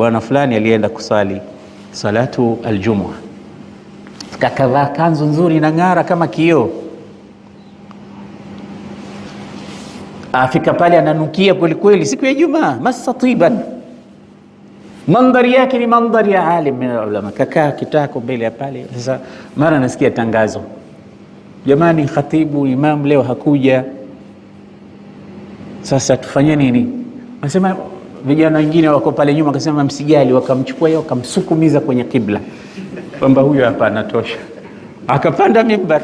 Bwana fulani alienda kusali salatu aljumua, kakavaa kanzu nzuri na ng'ara kama kioo. Afika pale ananukia kwelikweli, siku ya jumaa masatiban mandhari yake ni mandhari ya alim min alulama. Kakaa kitako mbele ya pale. Sasa mara nasikia tangazo, jamani, khatibu imamu leo hakuja, sasa tufanye nini? Anasema vijana wengine wako pale nyuma, wakasema msijali, wakamchukua yeye wakamsukumiza kwenye kibla, kwamba huyo hapa anatosha, akapanda mimbar.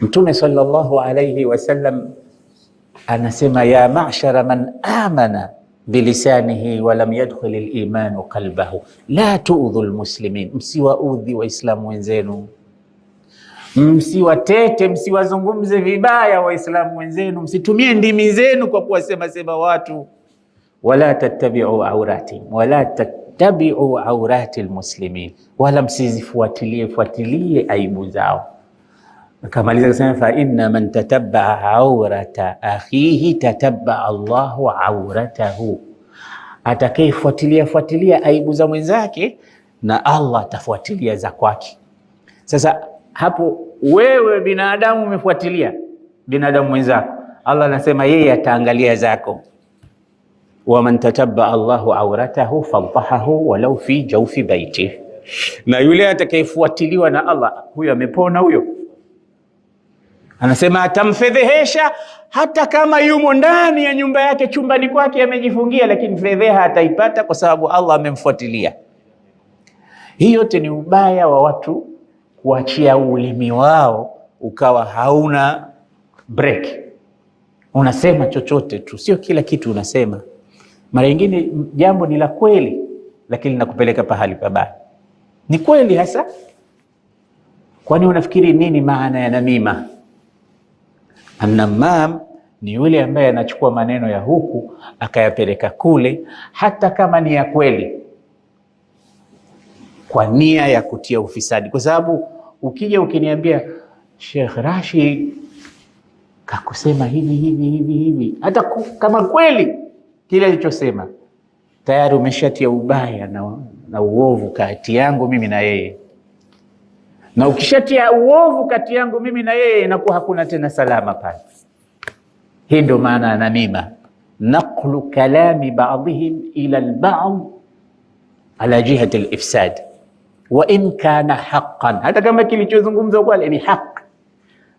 Mtume sallallahu alayhi wasallam anasema ya ma'shara man amana bilisanihi walam yadkhil limanu qalbahu la tuudhu lmuslimin, msiwaudhi waislamu wenzenu, msiwatete, msiwazungumze vibaya waislamu wenzenu, msitumie ndimi zenu kwa kuwasemasema watu. Wala tattabiu aurati wala tattabiu aurati lmuslimin, wala msizifuatilie fuatilie aibu zao Akamaliza kusema fa inna man tatabaa aurata akhihi tatabaa Allahu auratahu, atakayefuatilia fuatilia aibu za mwenzake na Allah atafuatilia za kwake. Sasa hapo wewe binadamu umefuatilia binadamu mwenzako, Allah anasema yeye ataangalia zako. waman tatabaa Allahu auratahu fadahahu walau fi jawfi baiti, na yule atakayefuatiliwa na Allah, huyo amepona huyo Anasema atamfedhehesha hata kama yumo ndani ya nyumba yake chumbani kwake amejifungia, lakini fedheha ataipata kwa sababu Allah amemfuatilia. Hii yote ni ubaya wa watu kuachia ulimi wao ukawa hauna break, unasema chochote tu, sio kila kitu unasema. Mara nyingine jambo ni la kweli, lakini linakupeleka pahali pabaya. Ni kweli hasa, kwani unafikiri nini maana ya namima? Anamam ni yule ambaye anachukua maneno ya huku akayapeleka kule, hata kama ni ya kweli, kwa nia ya kutia ufisadi. Kwa sababu ukija ukiniambia Sheikh Rashid kakusema hivi hivi hivi hivi, hata kama kweli kile alichosema, tayari umeshatia ubaya na, na uovu kati yangu mimi na yeye na ukishatia uovu kati yangu mimi na yeye, inakuwa hakuna tena salama pale. Hii ndio maana ya namima, naqlu kalami baadhihim ila lbad ala jihati lifsad wa in kana haqqan, hata kama kilichozungumzwa kwale ni haq.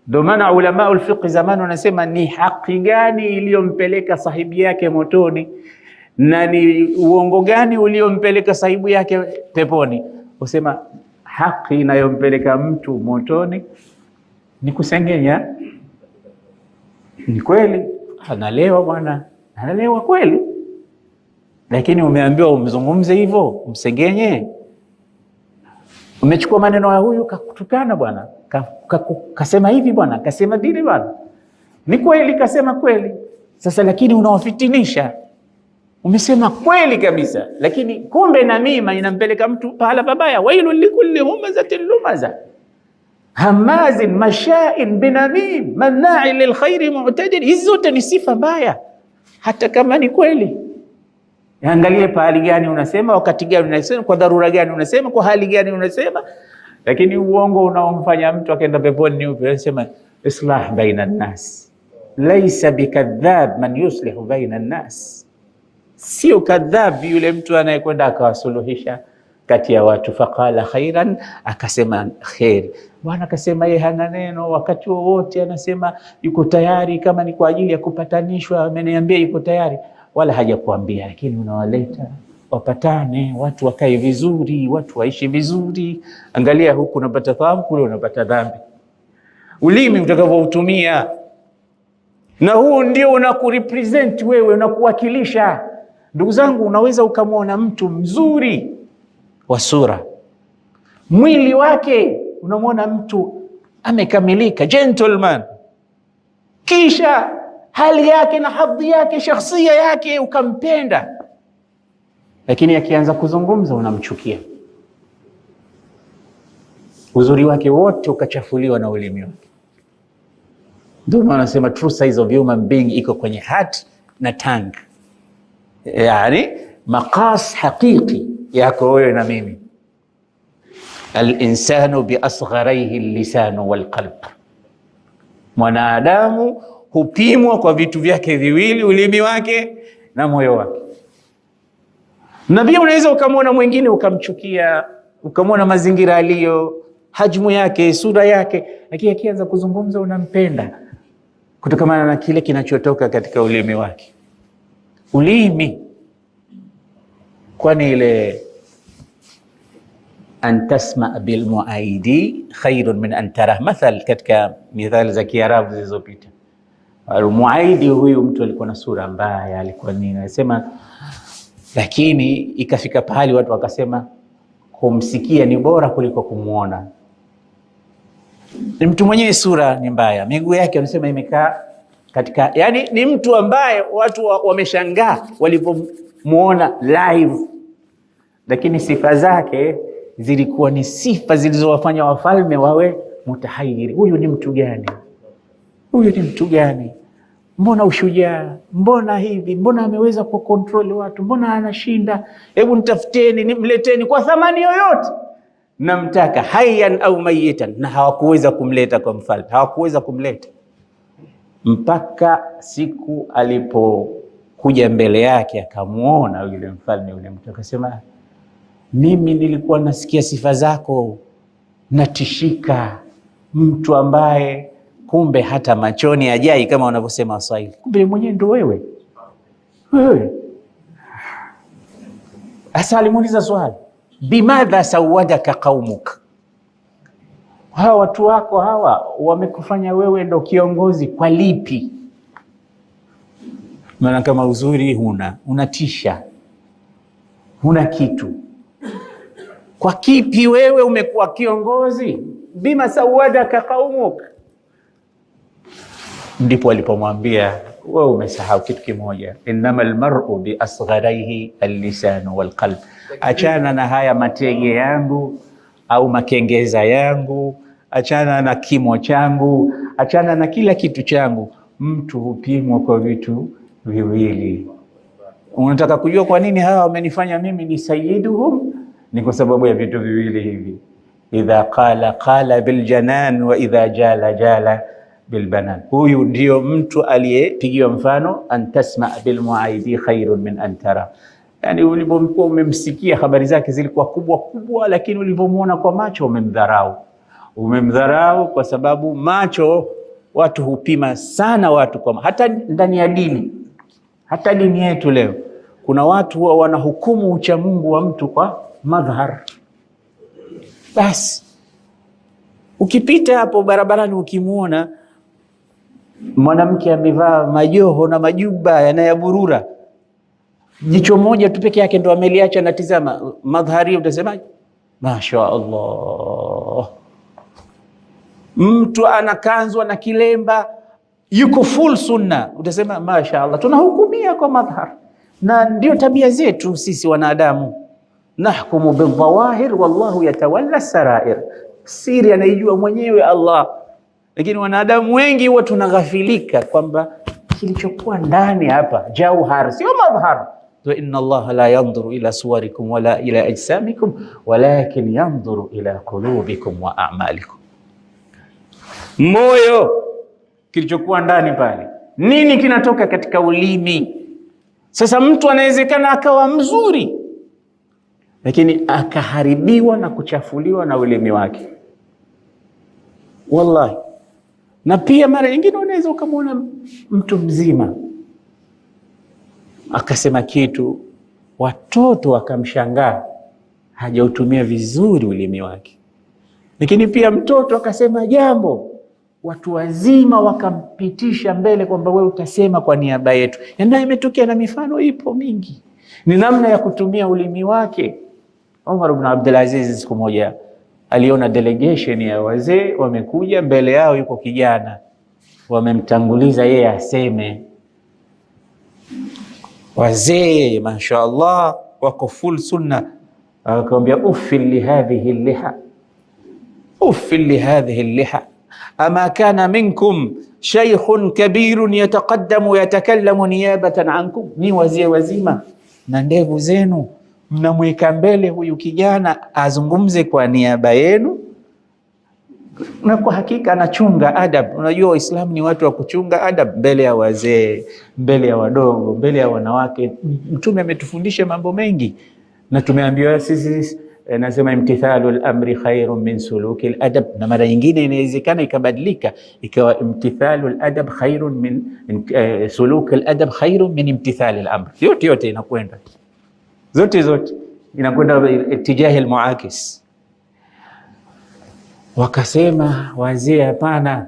Ndio maana ulama ulfiqh zamani wanasema ni haqi gani iliyompeleka sahibi yake motoni na ni uongo gani uliompeleka sahibu yake peponi, usema haki inayompeleka mtu motoni ni kusengenya. Ni kweli analewa bwana, analewa kweli, lakini umeambiwa umzungumze hivyo, msengenye. Umechukua maneno ya huyu kakutukana bwana, kasema hivi bwana, kasema vile bwana, ni kweli, kasema kweli. Sasa lakini unawafitinisha umesema kweli kabisa, lakini kumbe na mima inampeleka mtu pahala pabaya. wailu likulli humazatin lumaza hamazin mashain binamim manna'in lilkhairi mu'tadin. Hizi zote ni sifa mbaya, hata kama ni kweli. Angalie pahali gani unasema, wakati gani unasema, kwa dharura gani unasema, kwa hali gani unasema. Lakini uongo unaomfanya mtu akaenda peponi ni upi? Anasema islah baina nnas, laisa bikadhab man yuslihu baina nnas sio kadhabi yule mtu anayekwenda akawasuluhisha kati ya watu. Faqala khairan, akasema kheri. Bwana akasema yeye hana neno, wakati wowote anasema yuko tayari. Kama ni kwa ajili ya kupatanishwa, ameniambia yuko tayari, wala hajakuambia, lakini unawaleta wapatane, watu wakae vizuri, watu waishi vizuri. Angalia, huku unapata thawabu, kule unapata dhambi. Ulimi utakavyoutumia, na huu ndio unakurepresent wewe, unakuwakilisha Ndugu zangu, unaweza ukamwona mtu mzuri wa sura, mwili wake unamwona mtu amekamilika, gentleman, kisha hali yake na hadhi yake, shakhsia yake ukampenda, lakini akianza kuzungumza unamchukia. Uzuri wake wote ukachafuliwa na ulimi wake. Ndio maana anasema true size of human being iko kwenye heart na tongue yani maqas haqiqi yako wewe na mimi. Alinsanu biasgharaihi lisanu walqalb, mwanadamu hupimwa kwa vitu vyake viwili, ulimi wake na moyo wake. Na pia unaweza ukamwona mwingine ukamchukia, ukamwona mazingira aliyo, hajmu yake, sura yake, lakini akianza kuzungumza unampenda kutokamana na kile kinachotoka katika ulimi wake ulimi, kwani ile an tasma bil muaidi khairun min an mathal katika mithali za Kiarabu zilizopita. Muaidi huyu mtu alikuwa na sura mbaya, alikuwa nini, anasema lakini ikafika pahali watu wakasema kumsikia ni bora kuliko kumwona. Mtu mwenyewe sura ni mbaya, miguu yake wanasema imekaa katika, yani ni mtu ambaye watu wameshangaa walipomuona live, lakini sifa zake zilikuwa ni sifa zilizowafanya wafalme wawe mutahayiri, huyu ni mtu gani? Huyu ni mtu gani? Mbona ushujaa, mbona hivi, mbona ameweza ku watu, mbona anashinda? Hebu nitafuteni, mleteni kwa thamani yoyote namtaka, hayyan au mayitan. Na hawakuweza kumleta kwa mfalme, hawakuweza kumleta mpaka siku alipokuja mbele yake akamwona yule mfalme yule mtu, akasema, mimi nilikuwa nasikia sifa zako, natishika, mtu ambaye kumbe hata machoni ajai kama wanavyosema Waswahili, kumbe mwenyewe ndo wewe wewe. Hasa alimuuliza swali, bimadha sawadaka qaumuka hawa watu wako hawa wamekufanya wewe ndo kiongozi kwa lipi? Maana kama uzuri huna, unatisha, huna kitu. Kwa kipi wewe umekuwa kiongozi? bima sawadaka qaumuk. Ndipo alipomwambia wewe umesahau kitu kimoja, innama almar'u bi asgharihi allisan walqalb. Achana na haya matege yangu au makengeza yangu achana na kimo changu, achana na kila kitu changu. Mtu hupimwa kwa vitu viwili. Unataka kujua kwa nini hawa wamenifanya mimi ni sayyiduhum? Ni kwa sababu ya vitu viwili hivi, idha qala qala biljanan wa idha jala jala bilbanan. Huyu ndio mtu aliyepigiwa mfano, antasma bilmuaidi khairun min antara Yani, ulivyokuwa umemsikia habari zake zilikuwa kubwa kubwa, lakini ulivyomwona kwa macho umemdharau umemdharau kwa sababu macho, watu hupima sana watu kwa hata ndani ya dini, hata dini yetu leo kuna watu huwa wanahukumu uchamungu wa mtu kwa madhhar. Basi ukipita hapo barabarani ukimwona mwanamke amevaa majoho na majuba yanayaburura, jicho moja tu peke yake ndo ameliacha, natizama madhharia, utasemaje? Masha Allah mtu anakanzwa na kilemba, yuko full sunna, utasema mashaallah, tunahukumia kwa madhhar. Na ndio tabia zetu sisi wanadamu, nahkumu bidhawahir wallahu yatawalla sarair, siri anaijua mwenyewe Allah. Lakini wanadamu wengi huwa tunaghafilika kwamba kilichokuwa ndani hapa jauhar, sio madhhar. Inna Allaha la yandhuru ila suwarikum wala ila ajsamikum walakin yandhuru ila qulubikum wa a'malikum moyo, kilichokuwa ndani pale, nini kinatoka katika ulimi. Sasa mtu anawezekana akawa mzuri, lakini akaharibiwa na kuchafuliwa na ulimi wake, wallahi. Na pia mara nyingine unaweza ukamwona mtu mzima akasema kitu, watoto wakamshangaa, hajautumia vizuri ulimi wake. Lakini pia mtoto akasema jambo watu wazima wakampitisha mbele kwamba wewe utasema kwa niaba yetu. Na yaani imetokea na mifano ipo mingi, ni namna ya kutumia ulimi wake. Omar ibn Abdul Aziz siku moja aliona delegation ya wazee wamekuja, mbele yao yuko kijana, wamemtanguliza yeye aseme. Wazee mashaallah wako full sunna, akamwambia uffil li hadhihi liha, uffil li hadhihi liha ama kana minkum shaykhun kabirun yataqaddamu yatakallamu niyabatan ankum, ni wazee wazima na ndevu zenu, mnamweka mbele huyu kijana azungumze kwa niaba yenu, na kwa hakika anachunga adab. Unajua Waislamu ni watu wa kuchunga adab mbele ya wazee, mbele ya wadogo, mbele ya wanawake. Mtume ametufundisha mambo mengi na tumeambiwa sisi Eh, nasema imtithalu al-amri khairun min suluki al-adab, na mara nyingine inawezekana ikabadilika ikawa imtithalu al-adab khairun min eh, suluki al-adab khairun min imtithali al-amr. Yote yote inakwenda zote zote inakwenda itijahi al-muakis. Wakasema wazee, hapana,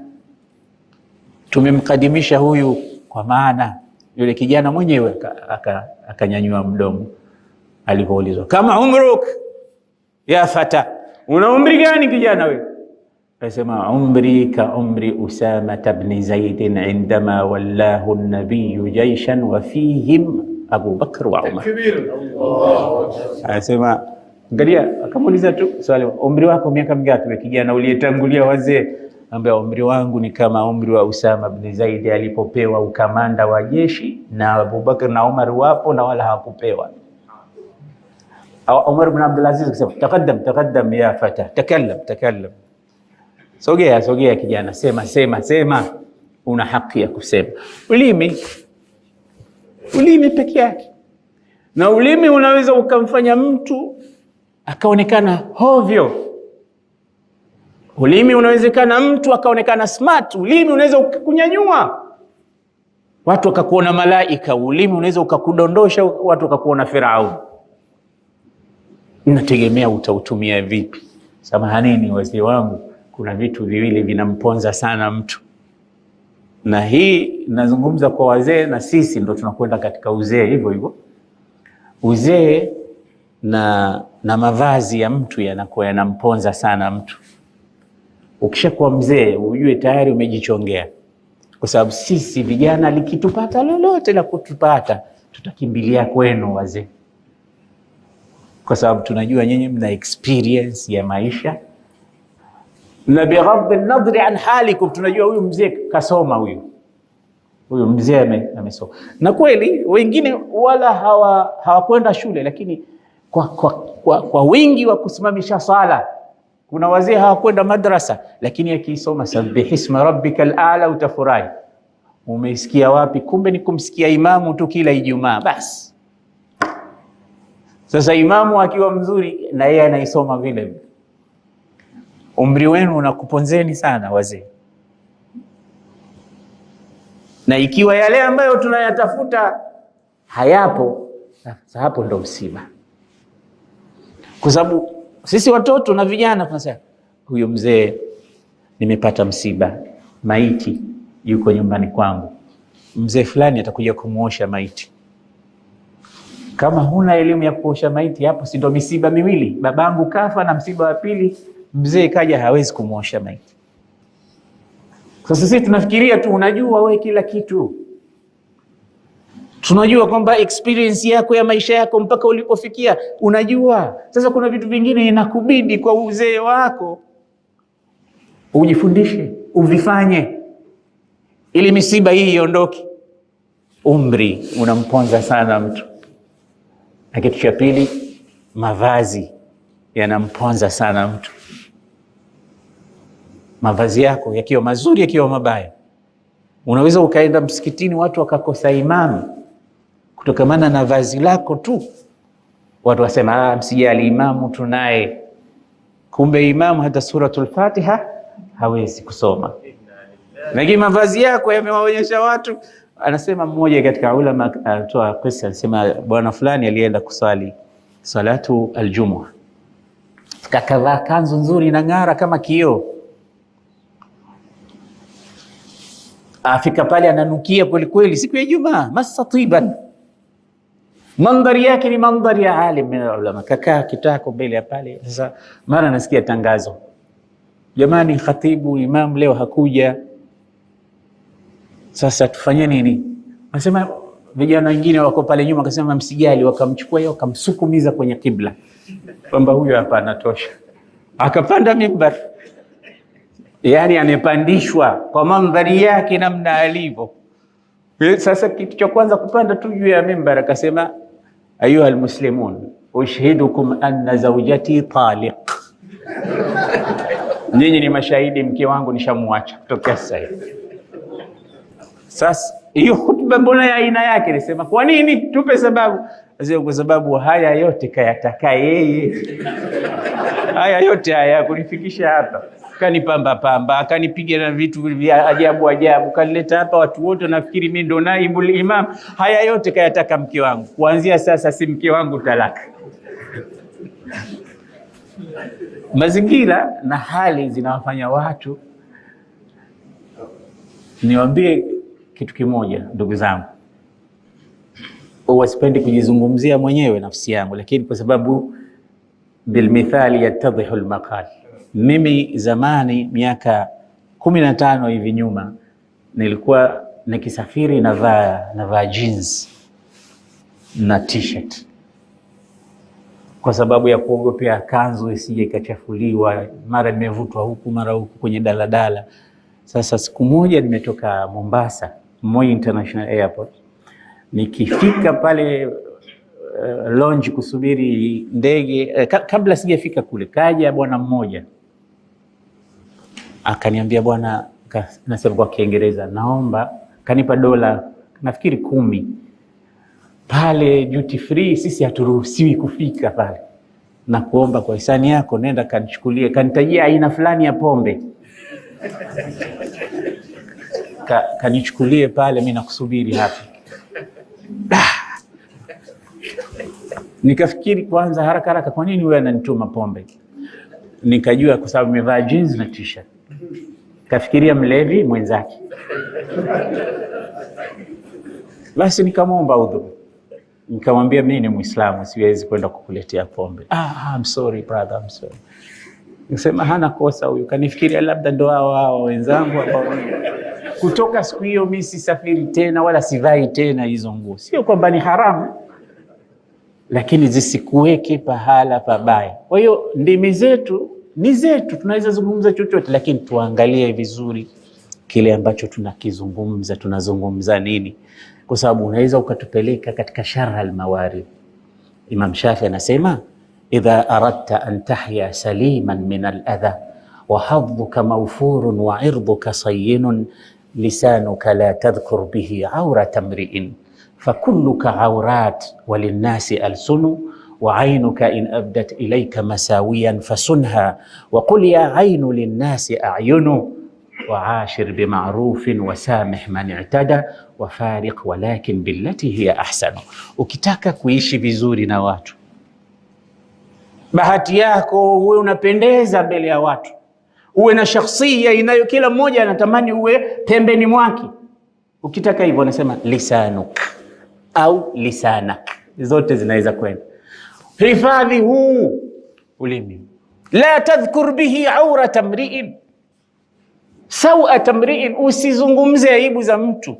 tumemkadimisha huyu, kwa maana yule kijana mwenyewe akanyanyua mdomo alipoulizwa kama umruk ya fata, una umri gani kijana wewe? Kasema umri ka umri Usama ibn Zaid indama wallahu nabiyu nabiy jayshan wa fihim Abu Bakr wa Umar. Asema galia, akamuuliza tu swali, umri wako miaka mingapi wewe kijana uliyetangulia wazee? Ambia umri wangu ni kama umri wa Usama ibn Zaid alipopewa ukamanda wa jeshi na Abu Bakr na Umar wapo na wala hakupewa Umar bin Aziz akasema takaddam takaddam ya fata takallam takallam, sogea sogea kijana, sema sema sema, una haki ya kusema. Ulimi ulimi peke yake, na ulimi unaweza ukamfanya mtu akaonekana hovyo. Ulimi unawezekana mtu akaonekana smart. Ulimi unaweza ukakunyanyua watu wakakuona malaika. Ulimi unaweza ukakudondosha watu wakakuona Firauni inategemea utautumia vipi. Samahanini wazee wangu, kuna vitu viwili vinamponza sana mtu, na hii nazungumza kwa wazee, na sisi ndo tunakwenda katika uzee hivyo hivyo. Uzee na, na mavazi ya mtu yanakuwa yanamponza sana mtu. Ukishakuwa mzee ujue tayari umejichongea, kwa sababu sisi vijana likitupata lolote la kutupata tutakimbilia kwenu wazee kwa sababu tunajua nyinyi mna experience ya maisha, na bighadhi nadhri an halikum, tunajua huyu mzee kasoma, huyu huyu mzee amesoma. Na kweli wengine wala hawakwenda shule, lakini kwa, kwa, kwa, kwa wingi wa kusimamisha sala kuna wazee hawakwenda madrasa, lakini akiisoma sabbihisma rabbikal aala utafurahi. Umeisikia wapi? Kumbe ni kumsikia imamu tu kila Ijumaa basi sasa imamu akiwa mzuri na yeye anaisoma vile vile. Umri wenu unakuponzeni sana wazee, na ikiwa yale ambayo tunayatafuta hayapo, sasa hapo ndo msiba, kwa sababu sisi watoto na vijana tunasema huyu mzee nimepata msiba, maiti yuko nyumbani kwangu, mzee fulani atakuja kumuosha maiti kama huna elimu ya kuosha maiti, hapo si ndo misiba miwili, babangu kafa na msiba wa pili, mzee kaja hawezi kumwosha maiti. Sasa sisi tunafikiria tu, unajua we kila kitu, tunajua kwamba experience yako ya maisha yako mpaka ulipofikia unajua. Sasa kuna vitu vingine inakubidi kwa uzee wako ujifundishe, uvifanye ili misiba hii iondoke. Umri unamponza sana mtu. Na kitu cha pili, mavazi yanamponza sana mtu. Mavazi yako yakiwa mazuri, yakiwa mabaya, unaweza ukaenda msikitini watu wakakosa imamu kutokamana na vazi lako tu, watu wasema ah, msijali imamu tunaye, kumbe imamu hata Suratul Fatiha hawezi kusoma, lakini mavazi yako yamewaonyesha watu Anasema mmoja katika ulama alitoa uh, kisa, alisema bwana fulani alienda kusali salatu aljumua, kakavaa kanzu nzuri na ng'ara kama kioo. Afika pale ananukia kwelikweli, siku ya Ijumaa, masatiban mandhari yake ni mandhari ya alim min ulama. Kakaa kitako mbele ya pale. Sasa mara nasikia tangazo, jamani, khatibu imam leo hakuja sasa tufanye nini? Anasema vijana wengine wako pale nyuma, akasema msijali, wakamchukua yeye wakamsukumiza kwenye kibla, kwamba huyo hapa anatosha, akapanda mimbar, yani amepandishwa kwa mandhari yake namna alivyo. Sasa kitu cha kwanza kupanda tu juu ya mimbar, akasema ayuha almuslimun ushhidukum anna zawjati taliq nyinyi ni mashahidi, mke wangu nishamuacha kutokea sasa hivi. Sasa hiyo hutuba mbona ya aina yake? Nisema kwa nini? Tupe sababu. Kwa sababu haya yote kayataka yeye haya yote haya kunifikisha hapa, kanipamba pamba, akanipiga na vitu vya ajabu ajabu, kanileta hapa, watu wote wanafikiri mimi ndo naibul imam. Haya yote kayataka mke wangu, kuanzia sasa si mke wangu, talaka. Mazingira na hali zinawafanya watu niwaambie kitu kimoja, ndugu zangu, huwa sipendi kujizungumzia mwenyewe nafsi yangu, lakini kwa sababu bilmithali yatadhihu lmaqal Mimi zamani miaka kumi na tano hivi nyuma nilikuwa nikisafiri navaa navaa jeans na t-shirt kwa sababu ya kuogopea kanzu isije ikachafuliwa, mara nimevutwa huku mara huku kwenye daladala. Sasa siku moja nimetoka Mombasa Moi International Airport. Nikifika pale uh, lounge kusubiri ndege uh, kabla sijafika kule, kaja bwana mmoja akaniambia, bwana, nasema kwa Kiingereza, naomba, kanipa dola nafikiri kumi pale duty free sisi haturuhusiwi kufika pale, na kuomba kwa hisani yako nenda kanichukulie, kanitajia aina fulani ya pombe kanichukulie ka, pale, mi nakusubiri hapa. Nikafikiri kwanza haraka haraka, kwa nini wewe ananituma pombe? Nikajua kwa sababu amevaa jeans na t-shirt. Kafikiria mlevi mwenzake, basi nikamwomba udhu, nikamwambia mimi ni Muislamu, siwezi kwenda kukuletea pombe. Ah, ah, I'm sorry brother, I'm sorry. Nikasema hana kosa huyu, kanifikiria labda ndo hao hao wenzangu ambao kutoka siku hiyo mi sisafiri tena wala sivai tena hizo nguo. Sio kwamba ni haramu, lakini zisikuweke pahala pabaya. Kwa hiyo ndimi zetu ni zetu, tunaweza zungumza chochote, lakini tuangalie vizuri kile ambacho tunakizungumza, tunazungumza nini, kwa sababu unaweza ukatupeleka katika sharha almawarid. Imam Shafi anasema idha aradta an tahya saliman min aladha wa hadhuka mawfurun wa irduka sayyinun لسانك لا تذكر به عورة امرئ فكلك عورات وللناس ألسن وعينك إن أبدت إليك مساويا فسنها وقل يا عين للناس أعين وعاشر بمعروف وسامح من اعتدى وفارق ولكن بالتي هي أحسن وكتاك كويش بزور نواتو watu bahati yako uwe unapendeza mbele ya watu uwe na shakhsia inayo kila mmoja anatamani uwe pembeni mwake. Ukitaka hivyo anasema lisanuk au lisanak, zote zinaweza kwenda. Hifadhi huu ulimi, la tadhkur bihi aurata mriin sawa tamriin, usizungumze aibu za mtu,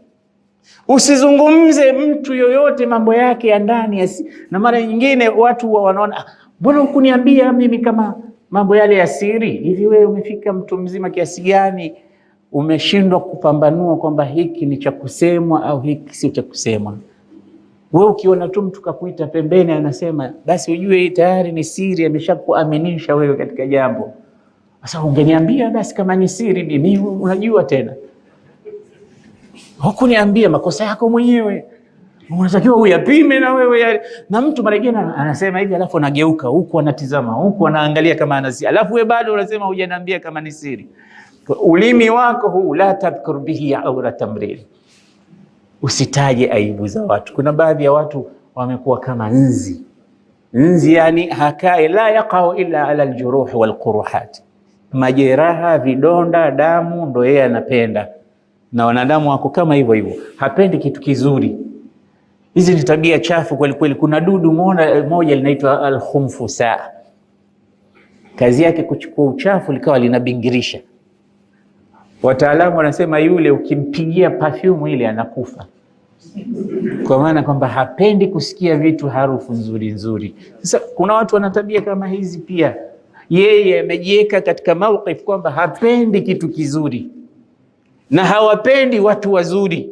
usizungumze mtu yoyote mambo yake ya ndani. Na mara nyingine watu wanaona ah, mbona hukuniambia mimi kama mambo yale ya siri. Hivi wewe umefika mtu mzima kiasi gani umeshindwa kupambanua kwamba hiki ni cha kusemwa au hiki sio cha kusemwa? Wewe ukiona tu mtu kakuita pembeni anasema basi, ujue hii tayari ni siri, ameshakuaminisha wewe katika jambo. Sasa ungeniambia basi kama ni siri, mimi unajua tena, hukuniambia makosa yako mwenyewe unatakiwa uyapime na wewe yale. Yaani, na mtu mara nyingine anasema hivi, alafu anageuka huku, anatizama huku, anaangalia kama anasi, alafu wewe bado unasema hujaniambia kama ni siri. Ulimi wako huu, la tadhkur bihi aurata mri'in, usitaje aibu za watu. Kuna baadhi ya watu wamekuwa kama nzi nzi, yani hakae la yaqau illa ala aljuruh walquruhat, majeraha, vidonda, damu, ndo yeye anapenda, na wanadamu wako kama hivyo hivyo, hapendi kitu kizuri Hizi ni tabia chafu kweli kweli. Kuna dudu mwona eh, moja linaitwa alkhumfusa, kazi yake kuchukua uchafu likawa linabingirisha. Wataalamu wanasema yule ukimpigia perfume ile anakufa, kwa maana kwamba hapendi kusikia vitu harufu nzuri nzuri. Sasa kuna watu wana tabia kama hizi pia. Yeye amejiweka katika mauqif kwamba hapendi kitu kizuri na hawapendi watu wazuri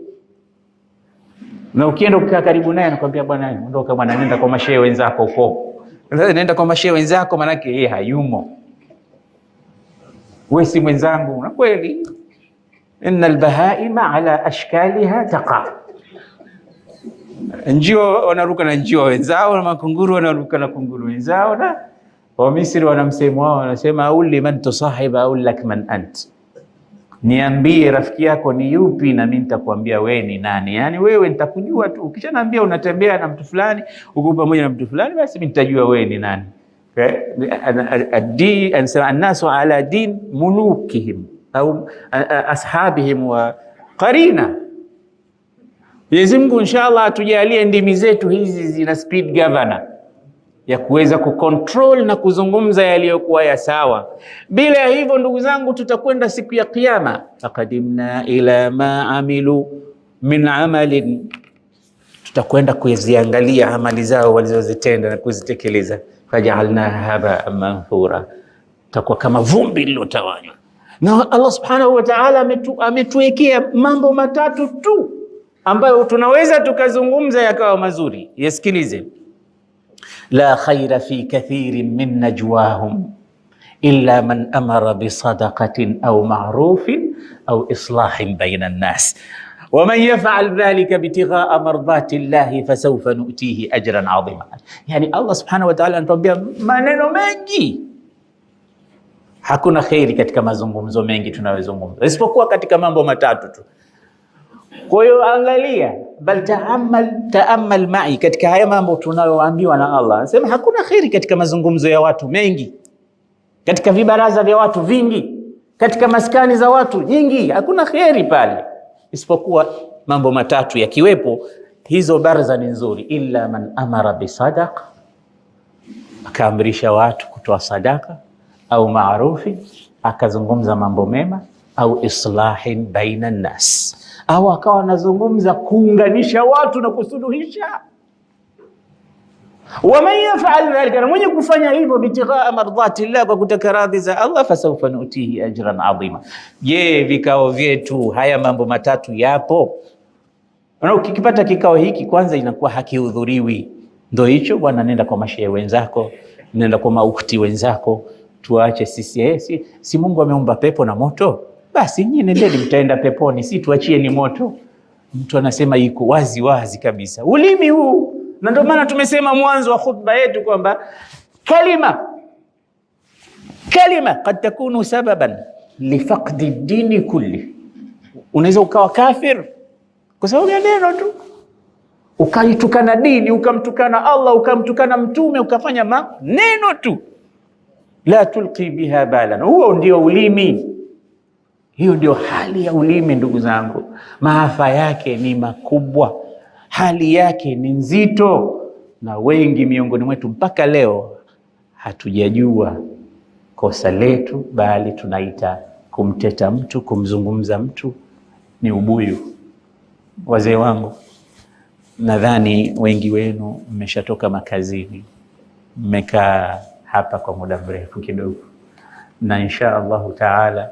na ukienda ukikaa karibu naye anakuambia bwana, ondoka bwana, nenda kwa mashehe wenzako huko. Sasa nenda kwa mashehe wenzako, maanake yeye hayumo, wewe si mwenzangu. Na kweli, inna albahaima ala ashkaliha taqa, njio wanaruka na njio wenzao, na makunguru wanaruka na kunguru wenzao, na Wamisri wana msemo wao, wanasema auli man tusahiba aulak man ant niambie rafiki yako ni yupi, na mimi nitakwambia wewe ni nani. Yaani wewe nitakujua tu, naambia unatembea na mtu fulani, uko pamoja na mtu fulani, basi mimi nitajua wewe ni nani. Annasu ala din mulukihim au ashabihim wa qarina. Mwenyezi Mungu inshallah atujalie ndimi zetu hizi zina speed governor ya kuweza kucontrol na kuzungumza yaliyokuwa ya sawa. Bila ya hivyo, ndugu zangu, tutakwenda siku ya Kiyama, faqadimna ila ma amilu min amalin, tutakwenda kuziangalia amali zao walizozitenda na kuzitekeleza, fajalnaha haba manthura, takuwa kama vumbi lilotawanywa. Na Allah subhanahu wa ta'ala ametuwekea mambo matatu tu ambayo tunaweza tukazungumza yakawa mazuri. Yasikilize. لا خير في كثير من نجواهم الا من امر بصدقه او معروف او اصلاح بين الناس ومن يفعل ذلك ابتغاء مرضات الله فسوف نؤتيه اجرا عظيما يعني الله سبحانه وتعالى انتوبيا ما نينو مengi hakuna khairi katika mazungumzo mengi tunayozungumza isipokuwa katika mambo matatu tu kwa hiyo bal taamal taamal mai, katika haya mambo tunayoambiwa na Allah anasema hakuna kheri katika mazungumzo ya watu mengi, katika vibaraza vya watu vingi, katika maskani za watu nyingi, hakuna kheri pale isipokuwa mambo matatu yakiwepo, hizo baraza ni nzuri. Illa man amara bisadaka akaamrisha watu kutoa sadaka, au maarufi, akazungumza mambo mema, au islahin baina nnas au akawa anazungumza kuunganisha watu na kusuluhisha. Waman yafal dhalika, na mwenye kufanya hivyo bitigaa mardhati llah, kwa kutaka radhi za Allah, fasawfa nutihi ajran adhima. Je, vikao vyetu haya mambo matatu yapo? Ukikipata kikao hiki kwanza, inakuwa hakihudhuriwi, ndo hicho bwana, nenda kwa mashehe wenzako, nenda kwa maukti wenzako, tuache sisi. Eh, si, si Mungu ameumba pepo na moto basi nyinyi nendeni mtaenda peponi, si tuachie ni moto. Mtu anasema iko wazi wazi kabisa, ulimi huu. Na ndio maana tumesema mwanzo wa khutba yetu kwamba kalima kalima kad takunu sababan lifaqdi dini kulli, unaweza ukawa kafir kwa sababu ya neno tu, ukaitukana dini, ukamtukana Allah, ukamtukana Mtume, ukafanya neno tu. La tulqi biha balan, huo ndio ulimi hiyo ndio hali ya ulimi, ndugu zangu. Maafa yake ni makubwa, hali yake ni nzito, na wengi miongoni mwetu mpaka leo hatujajua kosa letu, bali tunaita kumteta mtu, kumzungumza mtu ni ubuyu. Wazee wangu, nadhani wengi wenu mmeshatoka makazini, mmekaa hapa kwa muda mrefu kidogo, na insha Allahu taala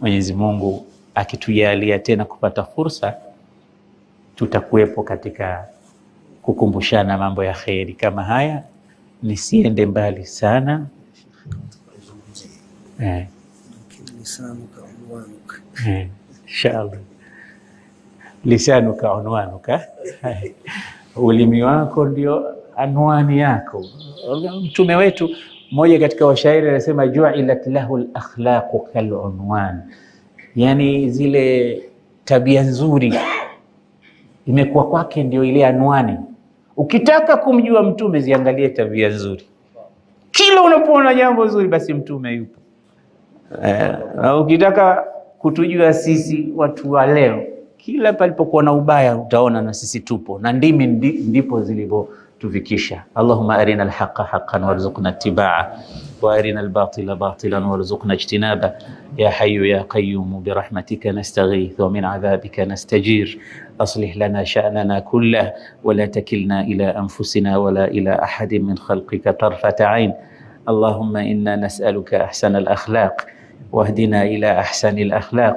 Mwenyezi Mungu akitujalia tena kupata fursa, tutakuwepo katika kukumbushana mambo ya kheri kama haya. Nisiende mbali sana eh. eh inshallah lisanuka unwanuka ulimi wako ndio anwani yako. Mtume wetu mmoja katika washairi anasema, juilat lahu lakhlaqu kalunwan, yani zile tabia nzuri imekuwa kwake ndio ile anwani. Ukitaka kumjua mtume ziangalie tabia nzuri. Kila unapoona jambo zuri, basi mtume yupo. Uh, ukitaka kutujua sisi watu wa leo, kila palipokuwa na ubaya utaona na sisi tupo, na ndimi ndipo zilivyo tufikisha. Allahumma arina alhaqa haqqan warzuqna ittiba'a wa arina albatila batilan warzuqna ijtinaba ya hayyu ya qayyum birahmatika nastaghith wa min adhabika nastajir aslih lana sha'nana أصلح لنا شأننا كله ولا تكلنا إلى أنفسنا ولا إلى أحد من Allahumma inna nas'aluka ahsan al-akhlaq wahdina ila ahsan al-akhlaq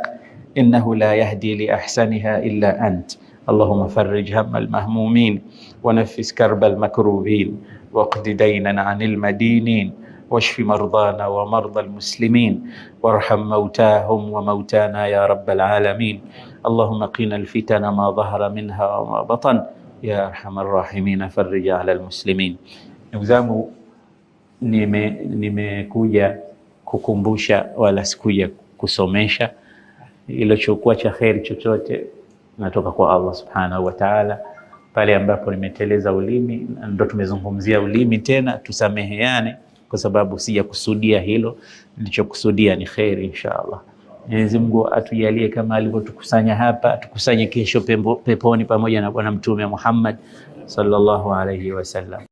innahu la yahdi li لأحسنها illa أنت اللهم فرج هم المهمومين ونفس كرب المكروبين واقض دينا عن المدينين واشف مرضانا ومرضى المسلمين وارحم موتاهم وموتانا يا رب العالمين اللهم قنا الفتن ما ظهر منها وما بطن يا ارحم الراحمين فرج على المسلمين ndugu zangu nimekuja nime kukumbusha wala sikuja kusomesha ilichokuwa cha kheri chochote natoka kwa Allah subhanahu wa ta'ala. Pale ambapo nimeteleza ulimi, ndo tumezungumzia ulimi tena, tusameheane kwa sababu sijakusudia hilo, nilichokusudia ni kheri insha Allah. Mwenyezi Mungu atujalie kama alivyotukusanya hapa, tukusanye kesho peponi pamoja na Bwana Mtume Muhammad sallallahu alayhi wasallam.